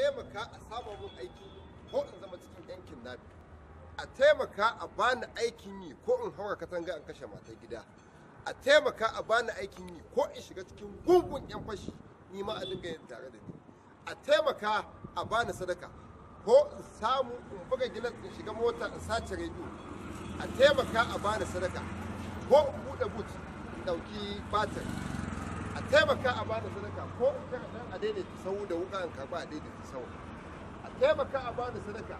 taimaka a samun mun aiki ko in zama cikin yankin nabi a taimaka a bani aikin yi ko in haura katanga in kashe matar gida a taimaka a bani aikin yi ko in shiga cikin gungun yan fashi ni ma a dinga yin tare da ni a taimaka a bani sadaka ko in samu in buga gilas in shiga mota in sace rediyo a taimaka a bani sadaka ko in buɗe but in ɗauki batir a taimaka a bada sadaka ko a daidaita sau da wuka an karba a daidaita sau a taimaka a bada sadaka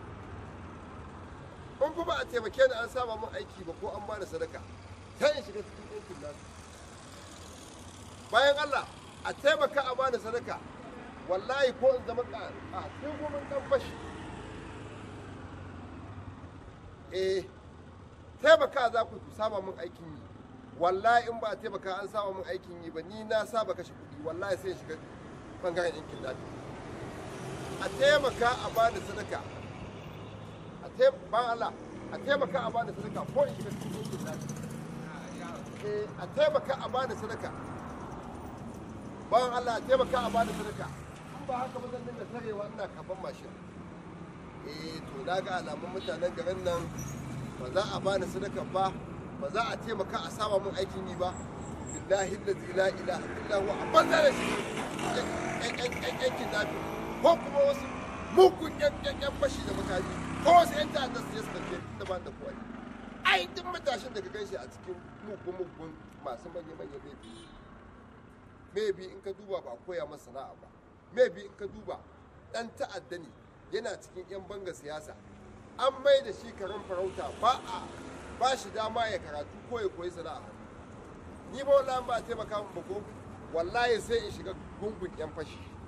in fa ba a taimake ni an saba min aiki ba ko an bada sadaka ta in shiga cikin aikin nasu bayan Allah a taimaka a bada sadaka wallahi ko in zama ka a cikin gumin ɗan fashi eh taimaka za ku saba min aikin yi wallahi in ba a taimaka an saba min aikin yi ba ni na saba kashe kuɗi wallahi sai shiga bangaren yankin daji a taimaka a bani sadaka a ban Allah a taimaka a bani sadaka ko in shiga cikin yankin daji eh, a taimaka a bani sadaka ban Allah a taimaka a bani sadaka in ba haka ba zan dinga tarewa ina kaban mashin eh to na ga alamun mutanen garin nan ba za a bani sadaka ba ba za a taimaka a saba mun aikin yi ba billahi allazi la ilaha illa a banza da shi aikin dafi ko kuma wasu mugun yan fashi da mutane ko wasu yan ta'adda su yasa ke da ban da kowa ai duk matashin daga ganshi a cikin mugun mugun masu manya manya laifi maybe in ka duba ba koya masa sana'a ba maybe in ka duba dan ta'adda ne yana cikin yan banga siyasa an mai da shi karin farauta ba a ba shi dama ya karatu ko ya koyi sana'a ni ba wallahi ba taimaka min ba ko wallahi sai in shiga gungun yan fashi